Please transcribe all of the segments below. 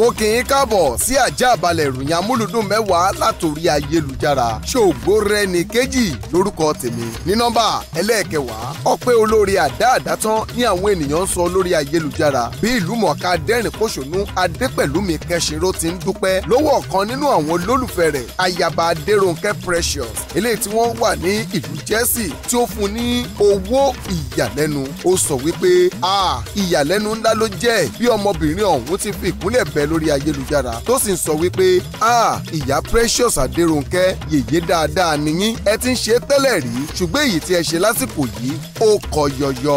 mo kì í káàbọ̀ sí àjààbalẹ̀ ìròyìn amúlùdùn mẹ́wàá látòrí ayélujára ṣògbórẹ́ni kejì lórúkọ tèmi ní nọ́mbà ẹlẹ́ẹ̀kẹwàá ọpẹ́ olórí àdáàdátán ní àwọn ènìyàn ń sọ lórí ayélujára bí ìlú mọ̀ọ́ká dẹ́rìn pòṣónú adépẹ̀lúmi kẹsìnró ti ń dúpẹ́ lọ́wọ́ ọ̀kan nínú àwọn olólùfẹ́ rẹ̀ ayaba adérónkẹ́ precious eléyìí tí wọ́n wà ní ìlú jẹ́sì tí ó fún ní owó ìyàlẹ́nu ó sọ wípé ah ìyàlẹ́nu ńlá ló jẹ́ bí ọmọbìnrin ọ̀hún ti fi ìkúnlẹ̀ bẹ̀ lórí ayélujára tó sì ń sọ wípé ah ìyá Precious Adéronkẹ́ yèyé dáadáa nìyí ẹ ti ń ṣe tẹ́lẹ̀ rí ṣùgbọ́n èyí tí ẹ ṣe lásìkò yìí ó kọ yọyọ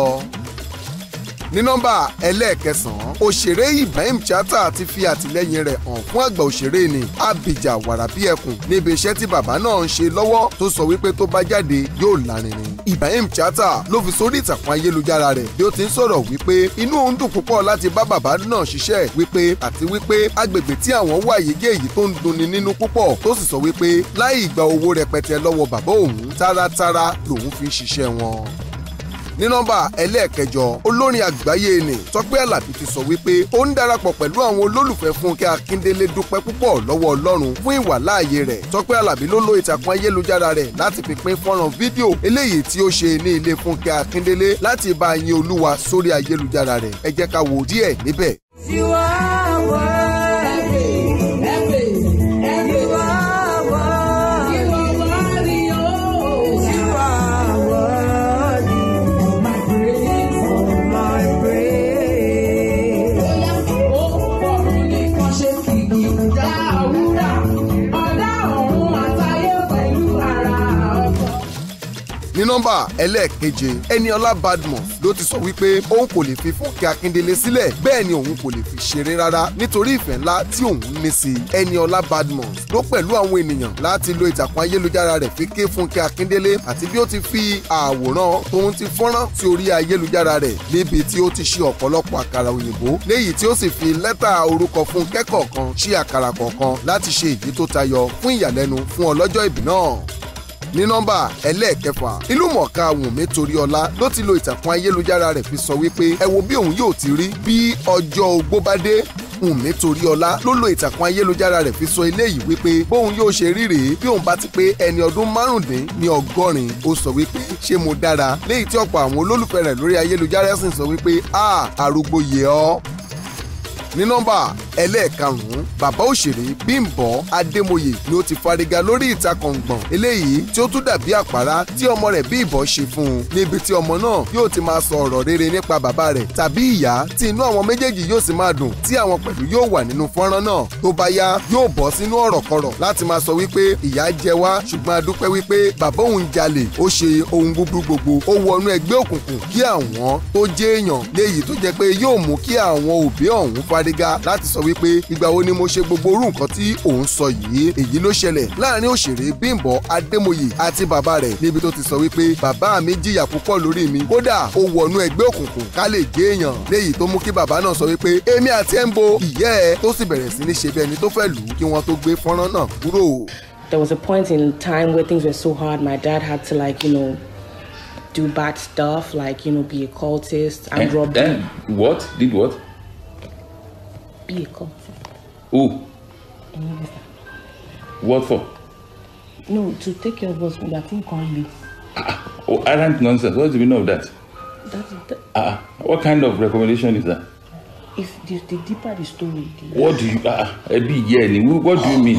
ní nọ́mbà ẹlẹ́ẹ̀kẹsàn-án òṣèré Ibrahim Chatta ti fi àtìlẹ́yìn rẹ̀ hàn fún àgbà òṣèré ni Abija Warabiekun níbi iṣẹ́ tí bàbá náà ń ṣe lọ́wọ́ tó sọ wípé tó bá jáde yóò lárinrin Ibrahim Chatta ló fi sórí ìtàkùn ayélujára rẹ̀ bí ó ti ń sọ̀rọ̀ wípé inú òun dùn púpọ̀ láti bá bàbá náà ṣiṣẹ́ wípé àti wípé agbègbè tí àwọn wà yìí gé èyí tó ń dunni nínú púpọ̀ tó sì sọ wípé láì gba owó rẹpẹtẹ lọ́wọ́ bàbá òun tààràtààrà lòun fi ṣiṣẹ́ wọn ní nọ́mbà ẹlẹ́ẹ̀kẹjọ olórin àgbáyé ni Tọ́pẹ́ Àlàbí ti sọ wípé ó ń darapọ̀ pẹ̀lú àwọn olólùfẹ́ Fúnkẹ́ Akíndélé dúpẹ́ púpọ̀ lọ́wọ́ Ọlọ́run fún ìwàláàyè rẹ̀ Tọ́pẹ́ Àlàbí ló lo ìtàkùn ayélujára rẹ̀ láti fi pín fọ́nrán fídíò eléyìí tí ó ṣe ní ilé Fúnkẹ́ Akíndélé láti bá yin Olúwa sórí ayélujára rẹ̀ ẹ jẹ́ ká wò díẹ̀ níbẹ̀. ní nọ́mbà ẹlẹ́ẹ̀keje Ẹniọlá Badmus ló ti sọ wípé òun kò lè fi Fúnkẹ́ Akíndélé sílẹ̀ bẹ́ẹ̀ ni òun kò lè fi ṣeré rárá nítorí ìfẹ́ ńlá tí òun ní sí Ẹniọlá Badmus ló pẹ̀lú àwọn ènìyàn láti lo ìtàkùn ayélujára rẹ̀ fi ké Fúnkẹ́ Akíndélé àti bí ó ti fi àwòrán tóun ti fọ́nrán sí orí ayélujára rẹ̀ níbi tí ó ti ṣe ọ̀pọ̀lọpọ̀ àkàrà òyìnbó léyìí tí ó sì fi lẹ́tà orúkọ Fúnkẹ́ kọ̀ọ̀kan ṣí àkàrà kọ̀ọ̀kan láti ṣe èyí tó tayọ fún ìyàlẹ́nu fún ọlọ́jọ́ ìbí náà ní nọ́mbà ẹlẹ́ẹ̀kẹfà ìlúmọ̀ọ́ká wùnmí toríọlá ló ti lo ìtàkùn ayélujára rẹ̀ fi sọ wípé ẹ wo bí òun yóò ti rí bí ọjọ́ ogbó bá dé wùnmí toríọlá ló lo ìtàkùn ayélujára rẹ̀ fi sọ eléyìí wípé bóun yóò ṣe rí rèé bí òun bá ti pé ẹni ọdún márùndín ní ọgọ́rin ó sọ wípé ṣé mo dára léyìí tí ọ̀pọ̀ àwọn olólùfẹ́ rẹ̀ lórí ayélujára sì sọ wípé a arúgbó yẹ ọ́ ní nọ́mbà ẹlẹ́ẹ̀karùn-ún bàbá òṣèré Bímbọ́ Adémoyè ni ó ti fariga lórí ìtakọ̀ngbọ̀n eléyìí tí ó tún dàbí àpárá tí ọmọ rẹ̀ Bímbọ́ ṣe fún un níbi tí ọmọ náà yóò ti máa sọ ọ̀rọ̀ rere nípa bàbá rẹ̀ tàbí ìyá tí inú àwọn méjèèjì yóò sì máa dùn tí àwọn pẹ̀lú yóò wà nínú fọ́nrán náà tó bá yá yóò bọ́ sínú ọ̀rọ̀kọ̀rọ̀ láti máa sọ wípé ìyá jẹ wá ṣùgbọ́n a dúpẹ́ wípé bàbá òun jalè ó ṣe ohun búburú gbogbo ó wọnú ẹgbẹ́ òkùnkùn kí àwọn tó jẹ́ èèyàn léyìí tó fariga láti sọ wípé ìgbà wo ni mo ṣe gbogbo orú nǹkan tí òun sọ yìí èyí ló ṣẹlẹ̀ láàrin òṣèré Bímbọ́ Adémoyè àti bàbá rẹ̀ níbi tó ti sọ wípé bàbá mi jìyà púpọ̀ lórí mi kódà ó wọnú ẹgbẹ́ òkùnkùn ká lè gé èèyàn léyìí tó mú kí bàbá náà sọ wípé èmi àti ẹ̀ ń bo ìyẹ́ ẹ tó sì bẹ̀rẹ̀ sí ní ṣe bí ẹni tó fẹ́ lù ú kí wọ́n tó gbé fọ́nrán náà kúrò. There was a point in time where things were so hard. My dad had to, like, you know, do bad stuff, like, you know, be a cultist and, eh, rob rob. And what? Did what? you a call, Who? What for? No, to take care of us from that thing called leave. Ah, oh, arrant nonsense. What's the meaning of that? That, that... Ah, ah, what kind of recommendation is that? If the, the deeper the story. The... What do you... Ah, Ebi, yeah, what do you mean?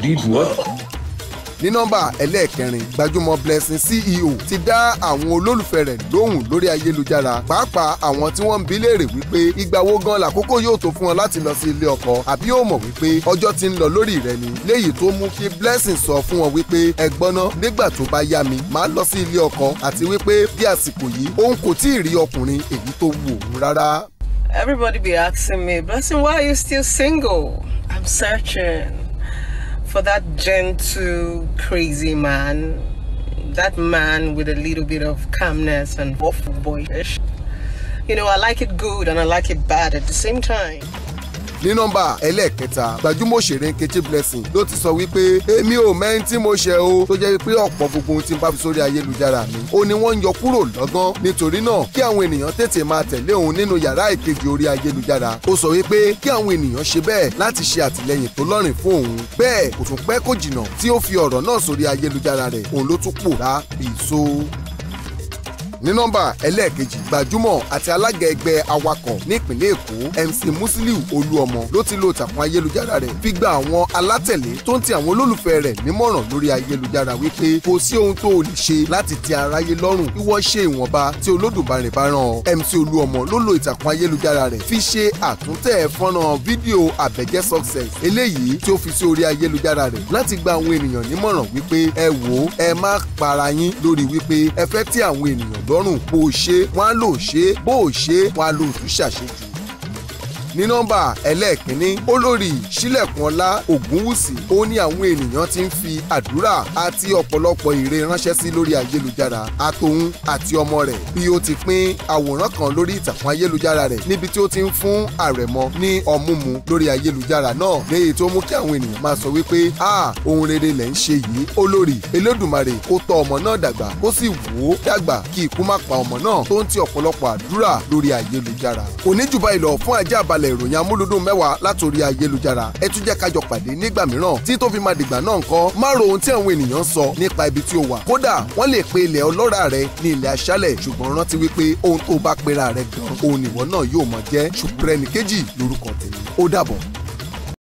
Did what? ní nọ́mbà ẹlẹ́ẹ̀kẹrin gbajúmọ̀ Blessing CEO ti dá àwọn olólùfẹ́ rẹ̀ lóhùn lórí ayélujára pàápàá àwọn tí wọ́n ń bi léèrè wípé ìgbà wo gan làkókò yóò tó fún ọ láti lọ sí ilé ọkọ àbí ó mọ̀ wípé ọjọ́ ti ń lọ lórí rẹ ni léyìí tó mú kí Blessing sọ fún wọn wípé ẹ gbọ́ná nígbà tó bá yá mi máa lọ sí ilé ọkọ àti wípé bí àsìkò yìí òun kò tí rí ọkùnrin èyí tó wù òun rárá. Everybody be asking me, Blessing, why are you still single? I'm searching. for that gentle, crazy man, that man with a little bit of calmness and awful boyish, you know, I like it good and I like it bad at the same time. ní nọ́mbà ẹlẹ́ẹ̀kẹta gbajúmọ̀ òṣèré Nkechi Blessing ló ti sọ wípé èmi ò mẹ́rin tí mo ṣe o tó jẹ́ pé ọ̀pọ̀ gbogbo ohun tí n bá fi sórí ayélujára mi ó ní wọ́n ń yọ kúrò lọ́gán nítorí náà kí àwọn ènìyàn tètè máa tẹ̀lé òun nínú yàrá ìkejì orí ayélujára ó sọ wípé kí àwọn ènìyàn ṣe bẹ́ẹ̀ láti ṣe àtìlẹ́yìn tó lọ́rìn fún òun bẹ́ẹ̀ kò tún pẹ́ kò jìnnà tí ó fi ọ̀rọ̀ náà sórí ayélujára rẹ̀ òun ló tún pòórá bíi so ní nọ́mbà ẹlẹ́ẹ̀kejì gbajúmọ̀ àti alága ẹgbẹ́ awakọ̀ nípìnlẹ̀ èkó mc musiliu olúọmọ ló ti lo ìtàkùn ayélujára rẹ̀ fi gba àwọn alátẹ̀lé tó ń ti àwọn olólùfẹ́ rẹ̀ nímọ̀ràn lórí ayélujára wípé kò sí ohun tó o lè ṣe láti ti aráyé lọ́rùn ìwọ ṣe ìwọ̀nba tí olódùmarè bá rán ọ mc olúọmọ ló lo ìtàkùn ayélujára rẹ̀ fi ṣe àtúntẹ̀ fọ́nrán fídíò àbẹ̀jẹ́ success eléyìí tí ó fi sí orí ayélujára rẹ̀ láti gba àwọn ènìyàn nímọ̀ràn wípé ẹ wò ó ẹ má para yín lórí wípé ẹ fẹ́ tí àwọn ènìyàn dọ́rùn bó o ṣe wọ́n á lò ṣe bó o ṣe wọ́n lò tún ṣàṣejù ní nọ́mbà ẹlẹ́ẹ̀kínní olórí sílẹ̀kùnọlá ògúnwùsì ó ní àwọn ènìyàn ti ń fi àdúrà àti ọ̀pọ̀lọpọ̀ ire ránṣẹ́ sí lórí ayélujára àtòun àti ọmọ rẹ̀ bí ó ti pín àwòrán kan lórí ìtàkùn ayélujára rẹ̀ níbi tí ó ti ń fún àrẹ̀mọ ní ọmúmu lórí ayélujára náà léyìí tó mú kí àwọn ènìyàn máa sọ wípé a ohun rere lẹ̀ ń ṣe yìí olórí elédùnmarè kó tọ́ ọmọ náà dàgbà kó sì wò ó dàgbà kí ikú má pa ọmọ náà tó ń ti ọ̀pọ̀lọpọ̀ àdúrà lórí ayélujára kò ní jù báyìí lọ fún ajá balẹ̀ àkànbalẹ̀ ìròyìn amúlùdùn mẹ́wàá látòrí ayélujára ẹ tún jẹ́ kájọ pàdé nígbà mìíràn tí tó fi máa dìgbà náà ńkọ́ má ro ohun tí àwọn ènìyàn sọ nípa ibi tí o wà kódà wọ́n lè pe ilẹ̀ ọlọ́ràá rẹ ní ilẹ̀ aṣálẹ̀ ṣùgbọ́n rántí wípé ohun tó bá pera rẹ gan òun ìwọ náà yóò mọ̀ jẹ́ ṣùpẹ́rẹ́nìkejì lórúkọ tèmi ó dàbọ̀.